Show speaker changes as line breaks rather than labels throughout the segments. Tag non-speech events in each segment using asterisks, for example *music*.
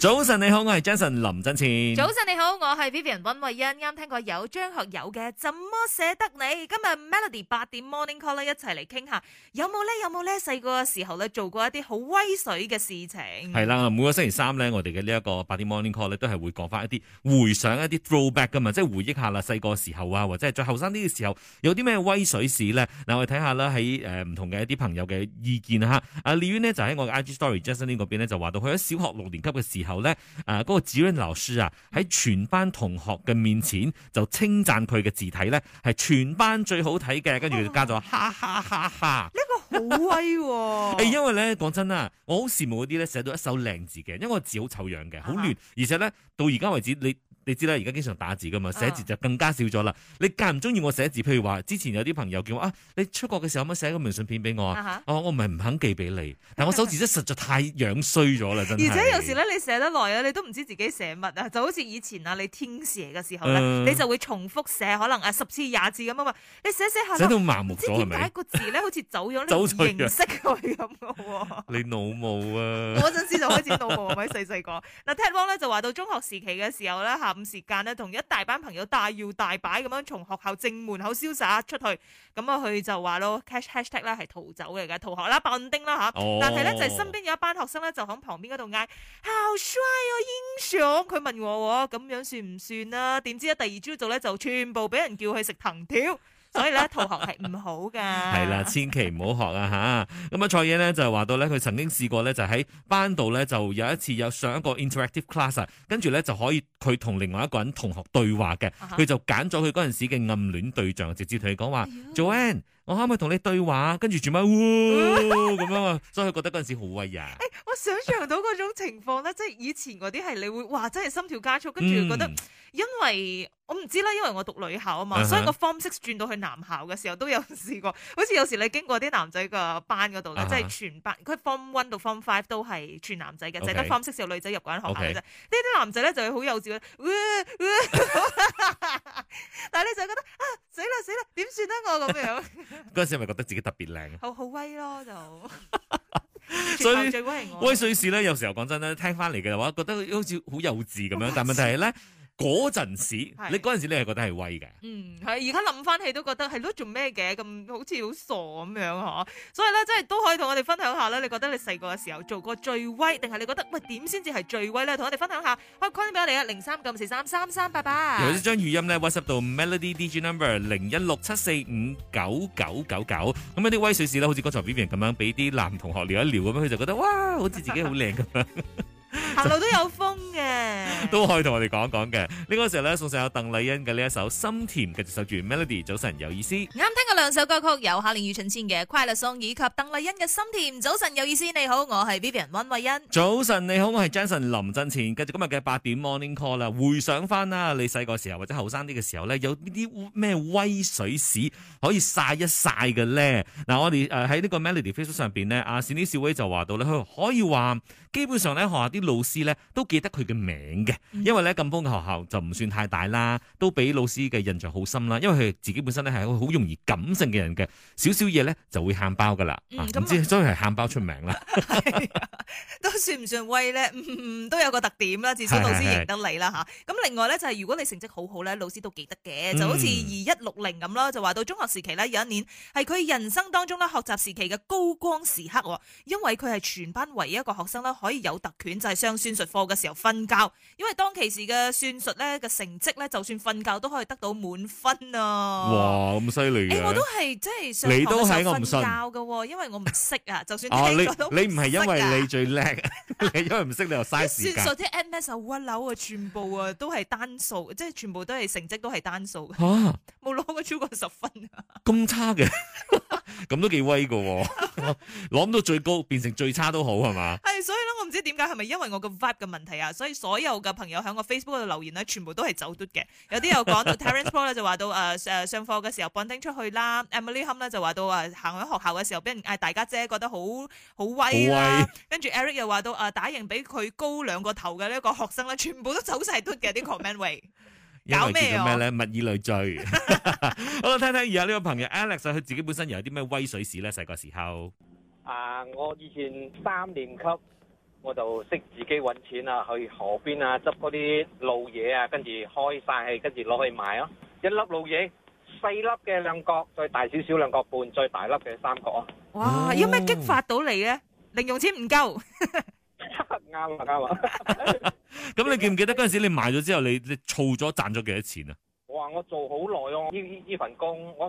早晨你好，我係 Jason 林振前。早
晨你好，我係 Vivian 溫慧欣。啱聽過有張學友嘅《怎麼捨得你》。今日 Melody 八點 Morning Call 咧一齊嚟傾下，有冇咧？有冇咧？細個嘅時候咧做過一啲好威水嘅事情？係
啦，每個星期三咧，我哋嘅呢一個八點 Morning Call 咧都係會講翻一啲回想，一啲 Throwback 噶嘛，即係回憶下啦，細個時候啊，或者係再後生啲嘅時候，有啲咩威水事咧？嗱，我哋睇下啦，喺誒唔同嘅一啲朋友嘅意見吓。阿李淵咧就喺我嘅 IG Story Jason 呢邊咧就話到，佢喺小學六年級嘅時候。後咧，誒、呃、嗰、那個指引老師啊，喺全班同學嘅面前就稱讚佢嘅字體咧，係全班最好睇嘅。跟住佢就加咗，哈哈哈哈！呢
個好威喎！
誒，因為咧講真啊，我好羨慕嗰啲咧寫到一手靚字嘅，因為字好醜樣嘅，好亂。而且咧，到而家為止你。你知啦，而家經常打字噶嘛，寫字就更加少咗啦。你間唔中意我寫字，譬如話之前有啲朋友叫我啊，你出國嘅時候可唔可以寫個明信片俾我我我唔係唔肯寄俾你，但我手字真實在太樣衰咗啦，真而且有時
咧，你寫得耐啊，你都唔知自己寫乜啊，就好似以前阿你天寫嘅時候咧，你就會重複寫可能誒十次廿次咁啊嘛。你寫寫下寫到麻木咗係咪？唔知點解個字咧好似走咗你唔認識佢咁
你腦霧啊！我嗰陣時就開始腦霧啊！咪
細細個嗱，Ted Wong 咧就話到中學時期嘅時候咧時間咧，同一大班朋友大搖大擺咁樣從學校正門口瀟灑出去，咁啊佢就話咯，#cash hashtag 咧係逃走嚟嘅，逃學啦，蹦丁啦吓，但係咧就身邊有一班學生咧就響旁邊嗰度嗌，好帥，影相，佢問我咁樣算唔算啊？點知咧第二朝早咧就全部俾人叫去食藤條。 *laughs* 所以咧，逃學係唔
好噶，係啦，千祈唔好學啊嚇。咁啊、 *laughs* 嗯，蔡野咧就話到咧，佢曾經試過咧，就喺班度咧就有一次有上一個 interactive class，跟住咧就可以佢同另外一個人同學對話嘅，佢、啊、哈就揀咗佢嗰陣時嘅暗戀對象，直接同佢講話、哎、呦，Joanne，我可唔可以同你對話？跟住做乜？咁 *laughs* 樣啊，所以佢覺得嗰陣時好威啊！誒、欸，
我想像到嗰種情況咧， *laughs* 即係以前嗰啲係你會哇，真係心跳加速，跟住覺得因為。因為 *laughs* 我唔知啦，因為我讀女校啊嘛，uh huh. 所以個 form six 轉到去男校嘅時候都有試過。好似有時你經過啲男仔嘅班嗰度咧，即係、uh huh. 全班，佢 form one 到 form five 都係全男仔嘅，就係得 form six 時女仔入過學校嘅啫。呢啲 Okay. 男仔咧就係好幼稚嘅，但係你就覺得啊死啦死啦，點算啊我咁樣。
嗰 *laughs* 陣 *laughs* 時係咪覺得自己特別靚？
*laughs* 好威咯就， *laughs* 所以威威瑞
士咧。有時候講真咧，聽翻嚟嘅話，覺得好似好幼稚咁樣。但問題係咧。 *laughs* 嗰陣時，你嗰陣時你係覺得係威嘅，嗯，
係而家諗翻起都覺得係咯，做咩嘅咁好似好傻咁樣呵？所以咧，即係都可以同我哋分享下咧。你覺得你細個嘅時候做過最威，定係你覺得喂點先至係最威咧？同我哋分享下。可以 call 俾我哋啊，零三九四三三三八八。有啲
將語音咧 WhatsApp 到 Melody DJ Number 零一六七四五九九九九。咁一啲威水士咧，好似剛才 B B 咁樣，俾啲男同學聊一聊咁樣，佢就覺得哇，好似自己好靚咁
樣。行路都有風。嘅
都可以同我哋講一講嘅呢個時候咧，送上有鄧麗欣嘅呢一首《心甜》首，繼續守住 Melody，早晨有意思。
啱聽過兩首歌曲，有夏令宇、春》千嘅《快樂頌》以及鄧麗欣嘅《心甜》，早晨有意思。你好，我係 Vivian 溫慧欣。
早晨，你好，我係 Jason 林振前。前繼續今日嘅八點 Morning Call 啦，回想翻啦，你細個時候或者後生啲嘅時候呢有呢啲咩威水史可以晒一晒嘅咧？嗱，我哋誒喺呢個 Melody Facebook 上邊呢，阿善妮小威就話到咧，可以話、嗯啊、基本上咧，學校啲老師呢都記得佢嘅名嘅，因為咧咁封嘅學校就唔算太大啦，都俾老師嘅印象好深啦。因為佢自己本身咧係好好容易感性嘅人嘅，少少嘢咧就會喊包噶啦，即、啊、係所以係喊包出名啦。
的 *laughs* 都算唔算威，咧、嗯？都有個特點啦，至少老師認得你啦吓。咁的另外咧就係、是、如果你成績好好咧，老師都記得嘅，就好似二一六零咁啦。就話到中學時期咧，有一年係佢人生當中咧學習時期嘅高光時刻，因為佢係全班唯一一個學生咧可以有特權，就係上算術課嘅時候瞓覺，因為當其時嘅算術咧嘅成績咧，就算瞓覺都可以得到滿分啊！哇，
咁犀利嘅！我都
係即係，你都係我唔信。瞓覺嘅，因為我唔識啊，就算聽咗都唔識。哦，你你唔係因為你
最叻，你因為唔識你又嘥時間。
啲算術啲 M. S. 啊，屈樓啊，全部啊都係單數，即係全部都係成績都係單數。吓，冇攞過超過十分啊！
咁差嘅？咁都幾威噶？攞唔到最高，變成最差都好係嘛？
係所以。唔知點解，係咪因為我個 vibe 嘅問題啊？所以所有嘅朋友喺我 Facebook 嗰度留言咧，全部都係走嘟嘅。有啲又講到 Terence Pro 咧，就話到誒誒，上課嘅時候蹦丁出去啦。Emily 含咧就話到誒，行去學校嘅時候俾人誒，大家姐覺得好好威啦。跟住 Eric 又話到誒，打贏比佢高兩個頭嘅呢一個學生咧，全部都走晒嘟嘅啲 comment way。有咩啊？咧
物以類聚。好啦，聽聽而家呢個朋友 Alex，佢自己本身又有啲咩威水史咧？細個時候啊，我以前三年級。我就識自己搵錢啊，去河邊啊，執嗰啲露嘢啊，跟住開晒氣，跟住攞去賣咯、啊。一粒露嘢，細粒嘅兩角，再大少少兩角半，再大粒嘅三角啊。
哇！有咩激發到你咧？零用錢唔夠，啱大家話。
咁、 *laughs* 嗯、你記唔記得嗰陣時你賣咗之後，你你儲咗賺咗幾多錢啊？
哇！我做好
耐哦，呢依份工，我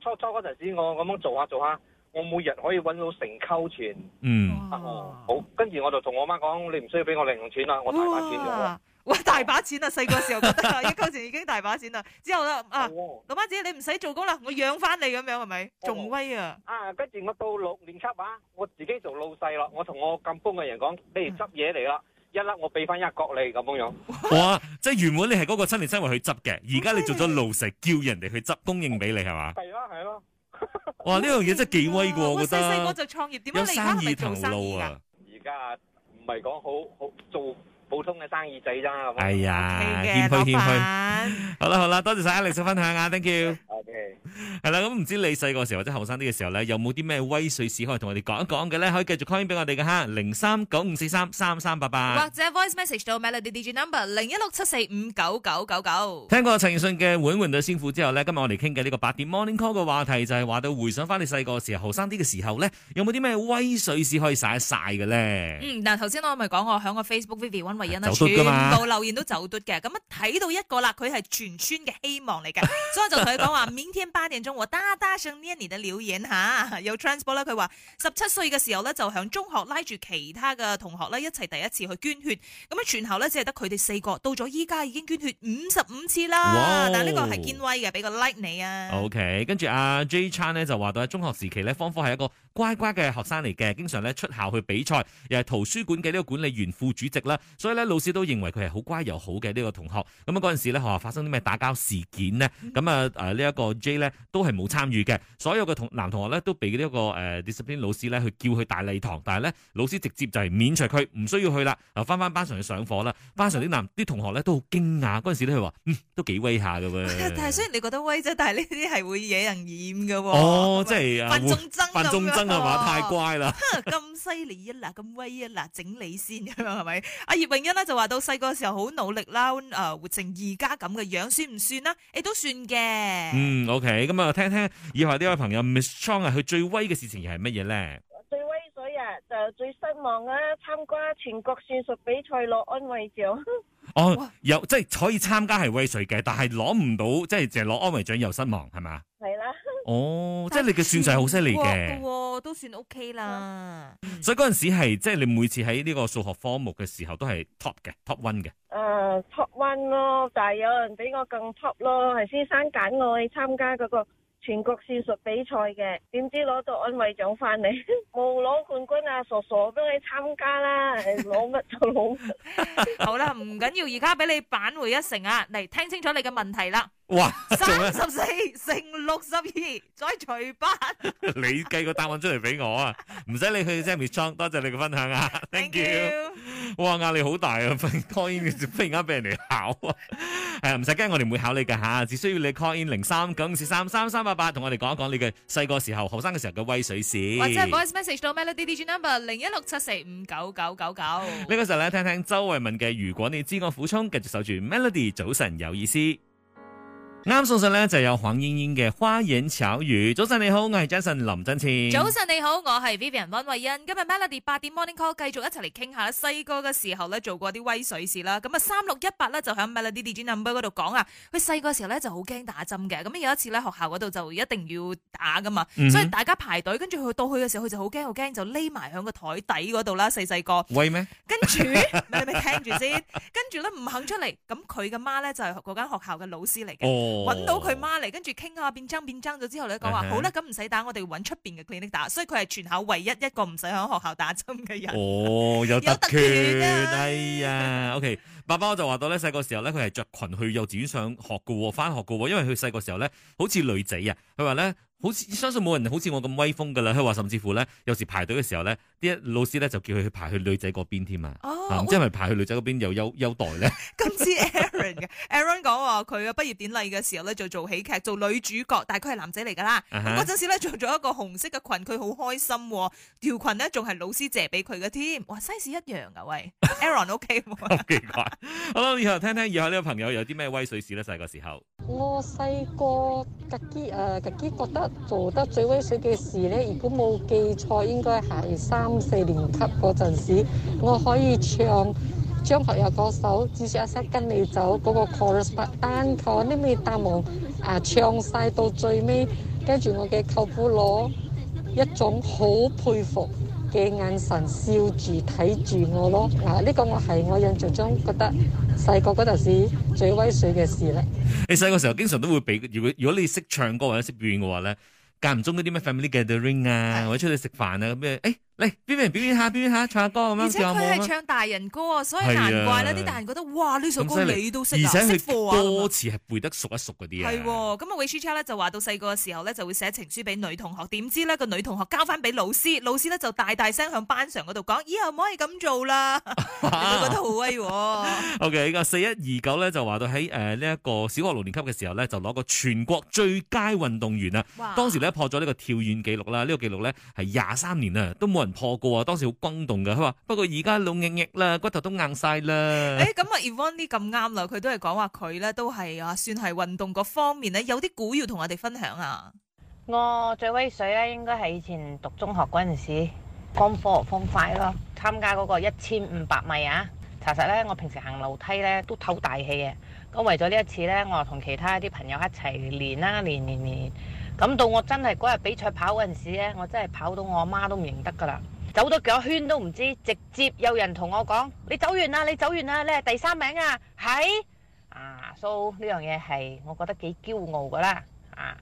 初初嗰陣時我咁樣做下做下。做我每日可以揾到成溝錢，嗯、啊，好，跟住我就同我媽講，你唔需要俾我零用錢啦，我大把錢
哇，大把錢啊！細個時候覺得啊， *laughs* 一溝錢已經大把錢啦。之後啦，啊，哦、老媽子你唔使做工啦，我養翻你咁樣係咪？仲、哦、威啊！啊，跟住我到六年
級啊，我自己做老細咯，我同我咁風嘅人講，你嚟執嘢嚟啦，嗯、一粒我俾翻一角你咁樣樣。哇，即係 *laughs* *laughs* 原本你係嗰個七年活去執嘅，而家你做咗老細，叫人哋去執供應俾你係嘛？係咯，係咯。 *laughs* *laughs* 哇！呢樣嘢真係幾威嘅。哇我覺得。細細個就創業，有生意頭路啊！而家唔係講好好做普通嘅生意仔啫。哎呀，謙虛謙虛。好啦好啦，多謝晒 Alex 分享啊，thank you。 *laughs* 係啦，咁唔知你細個時候或者後生啲嘅時候咧，有冇啲咩威水史可以同我哋講一講嘅咧？可以繼續 comment 俾我哋㗎哈，零三九五四三三三八八，或
者 voice message 到 Melody DJ number 零一六七四五九九九九。
聽過陳奕迅嘅《換一換對新褲》之後咧，今日我哋傾嘅呢個八點 Morning Call 嘅話題就係話到回想翻你細個時候、後生啲嘅時候咧，有冇啲咩威水史可以晒一晒嘅咧？嗯，
嗱，頭先我咪講我響個 Facebook Vivy 溫慧欣咧，全部留言都走嘟嘅，咁啊睇到一個啦，佢係全村嘅希望嚟嘅，所以就所以講話緬甸巴。點鐘我打打上呢一年嘅表演吓，有 transport 啦。佢話十七歲嘅時候咧，就響中學拉住其他嘅同學咧一齊第一次去捐血，咁樣全校咧只係得佢哋四個。到咗依家已經捐血五十五次啦，但係呢個係堅威嘅，俾個 like 你
啊。OK，跟住阿 J Chan 咧就話到喺中學時期咧，方科係一個乖乖嘅學生嚟嘅，經常咧出校去比賽，又係圖書館嘅呢個管理員副主席啦。所以咧老師都認為佢係好乖又好嘅呢個同學。咁啊嗰陣時咧，話發生啲咩打交事件呢？咁啊誒呢一個 J 咧。都係冇參與嘅，所有嘅同男同學咧都俾呢一個誒 disciplinary 老師咧去叫去大禮堂，但係咧老師直接就係免除佢唔需要去啦，又翻翻班上去上課啦。班上啲男啲、嗯、同學咧都好驚訝，嗰陣時咧佢話：嗯，都幾威下嘅噃。但係
雖然你覺得威啫，但係呢啲係會惹人厭嘅喎。
哦，不即係是啊，範仲增，範仲增係嘛？太乖啦！咁
犀利啊嗱，咁威啊嗱，整你先係咪？阿、啊、葉詠欣呢，就話到細個時候好努力啦，誒活成而家咁嘅樣算唔算啊？誒、呃、都、呃呃呃呃呃、算嘅、嗯。
嗯，OK。咁啊，聽聽以下呢位朋友 Miss Chong 啊，佢最威嘅事情又係乜嘢？咧？最威水
啊，就最失望啦，啊！參加全國算術比賽攞安慰獎。
*laughs* 哦，又即係可以參加係威水嘅？但係攞唔到，即係淨係攞安慰獎又失望，係嘛？哦，次即係你嘅算數好犀利嘅，
都算 OK 啦。啊，
所以嗰陣時係，即，就，係，是，你每次喺呢個數學科目嘅時候都係 top 嘅，top one 嘅。
誒，啊，top one 咯，但係有人比我更 top 咯，係先生揀我去參加嗰個全國算術比賽嘅，點知攞到安慰獎翻嚟，冇攞冠軍啊！傻傻，幫你參加啦，攞乜 *laughs* 就攞乜。 *laughs* 好啦，唔緊要，而家俾你扳回一城啊，嚟聽清楚你嘅問題啦。哇，三十四乘六十二再除八，
*laughs* *laughs* 你計個答案出嚟俾我啊！唔使你去 Jamitong，多謝你嘅分享啊！Thank you，哇，壓力好大啊！call in 嘅時候忽然間俾人哋考啊，係 *laughs* 啊，唔使驚，我哋唔會考你噶吓，只需要你 call in 零三九五四三三三八八，同我哋講一講你嘅細個時候、後生嘅時候嘅威水事。或者 voice
message 到 Melody D G number 零一六七四五九九九九。
呢個時候咧，聽聽周慧敏嘅如果你知我苦衷，繼續守住 Melody，早晨有意思。啱送上咧就有黃英英嘅花言巧語。早晨你好，我係 Jason 林振前。早晨
你好，我係 Vivian 溫慧欣。今日 Melody 八點 Morning Call 繼續一齊嚟傾下細個嘅時候咧做過啲威水事啦。咁啊三六一八咧就響 Melody DJ number 嗰度講啊。佢細個嘅時候咧就好驚打針嘅。咁有一次咧，學校嗰度就一定要打噶嘛，嗯、哼所以大家排隊，跟住去到去嘅時候佢就好驚好驚，就匿埋響個台底嗰度啦。細細個
威咩？跟
住你咪聽住先，跟住咧唔肯出嚟。咁佢嘅媽咧就係嗰間學校嘅老師嚟嘅。Oh. 揾到佢媽嚟，跟住傾下變爭變爭咗之後咧，講話、uh huh. 好啦，咁唔使打，我哋揾出邊嘅 clinic 打，所以佢係全校唯一一個唔使喺學校打針嘅人。哦
，oh, 有特權，係 *laughs* 啊、哎呀。OK，爸爸我就話到咧，細個時候咧，佢係着裙去幼稚園上學嘅，翻學嘅，因為佢細個時候咧，好似女仔啊。佢話咧，好似相信冇人好似我咁威風噶啦。佢話甚至乎咧，有時排隊嘅時候咧，啲老師咧就叫佢去排去女仔嗰邊添啊。哦、oh, 嗯，即係咪排去女仔嗰邊有優優待咧？
咁似。Aaron 講佢嘅畢業典禮嘅時候咧，就做喜劇做女主角，但係佢係男仔嚟噶啦。嗰陣、uh huh. 時咧，着咗一個紅色嘅裙，佢好開心，哦，條裙咧仲係老師借俾佢嘅添。哇西 i 一樣啊！喂，Aaron，O K？好奇
怪。好，以下聽聽以下呢個朋友有啲咩威水事咧？細個時候，
我細個
吉吉誒，覺得做得最威水嘅事咧，如果冇記錯，應該係三四年級嗰陣時，我可以唱。張學友嗰首《只想一生跟你走》嗰，那個 chorus part 單，我呢咪答忙啊唱晒到最尾，跟住我嘅舅父攞一種好佩服嘅眼神笑住睇住我咯。嗱、啊、呢、這個我係我印象中覺得細個嗰陣時最威水嘅事咧。你細個時候經常都會俾，如果如果你識唱歌或者識表演嘅話咧，間唔中嗰啲咩《Family Gathering》啊，或者出去食飯啊咁咩？哎！欸
嚟，邊邊表演下，表演下，唱下歌咁樣，而且佢係唱大人歌啊，所以難怪啦啲大人覺得哇呢首歌你都識啊，識貨，歌
詞係背得熟一熟嗰啲啊。係，
咁啊 Richard 就話到細個嘅時候咧就會寫情書俾女同學，點知呢個女同學交翻俾老師，老師呢就大大聲向班上嗰度講，以後唔可以咁做啦，啊、 *laughs* 你覺得好威喎、
啊。 *laughs* OK，依家四一二九咧就話到喺誒呢一個小學六年級嘅時候咧就攞個全國最佳運動員啊，哇當時咧破咗呢個跳遠記錄啦，呢、呢個記錄咧係廿三年啊都冇人破過啊，當時好轟動噶，佢話不過而家老㗱㗱啦，骨頭都硬晒啦。誒、哎，
咁啊，Evan 呢咁啱啦，佢都係講話佢咧都係啊，算係運動嗰方面咧，有啲古要同我哋分享啊。我最威水咧，應該係以前讀中學嗰陣時，剛放學放快咯，參加嗰個一千五百米啊。查實咧，我平時行樓梯咧都透大氣嘅，咁為咗呢一次咧，我同其他啲朋友一齊練啦，練練練。咁到我真係嗰日比賽跑嗰陣時咧，我真係跑到我阿媽都唔認得噶啦，走多幾多圈都唔知，直接有人同我講：你走完啦，你走完啦，你係第三名啊！係啊 s、so，呢樣嘢係我覺得幾驕傲噶啦啊！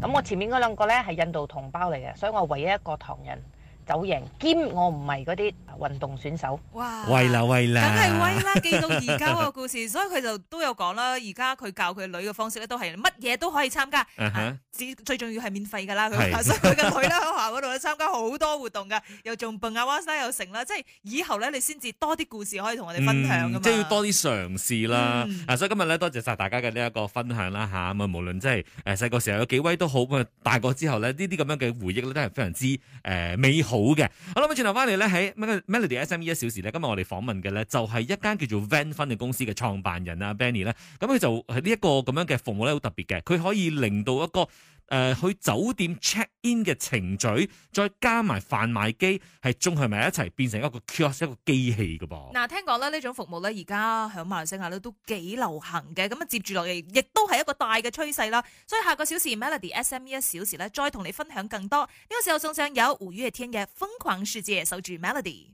咁我前面嗰兩個咧係印度同胞嚟嘅，所以我係唯一一個唐人。走贏兼我唔係嗰啲運動選手，喂
啦喂啦，梗係威啦！記到而家個故
事， *laughs* 所以佢就都有講啦。而家佢教佢女嘅方式咧，都係乜嘢都可以參加，uh
huh.
啊、只最重要係免費㗎啦。佢，所以佢嘅女啦， *laughs* 參加好多活動噶，又仲笨阿瓦西又成啦，即係以後咧，你先至多啲故事可以同我哋分享噶嘛。即係、嗯就是、要
多啲嘗試啦。嗱、嗯啊，所以今日咧，多謝晒大家嘅呢一個分享啦，吓咁啊，無論即係誒細個時候有幾位都好，咁啊大個之後咧呢啲咁樣嘅回憶咧都係非常之誒、呃、美好嘅。好啦，咁轉頭翻嚟咧喺 Melody SME 一小時咧，今日我哋訪問嘅咧就係、是、一間叫做 Van 翻譯公司嘅創辦人 Benny, 啊，Benny 咧，咁、嗯、佢就係呢一個咁樣嘅服務咧好特別嘅，佢可以令到一個。誒、呃，去酒店 check in 嘅程序，再加埋販賣機，係綜合埋一齊，變成一個 kiosk 一個機器嘅噃。
嗱，聽講咧呢種服務咧而家響馬來西亞咧都幾流行嘅，咁啊接住落嚟亦都係一個大嘅趨勢啦。所以下個小時 Melody S M E 一小時咧再同你分享更多。呢、這個時候送上有五月天嘅《瘋狂世界》守，守住 Melody。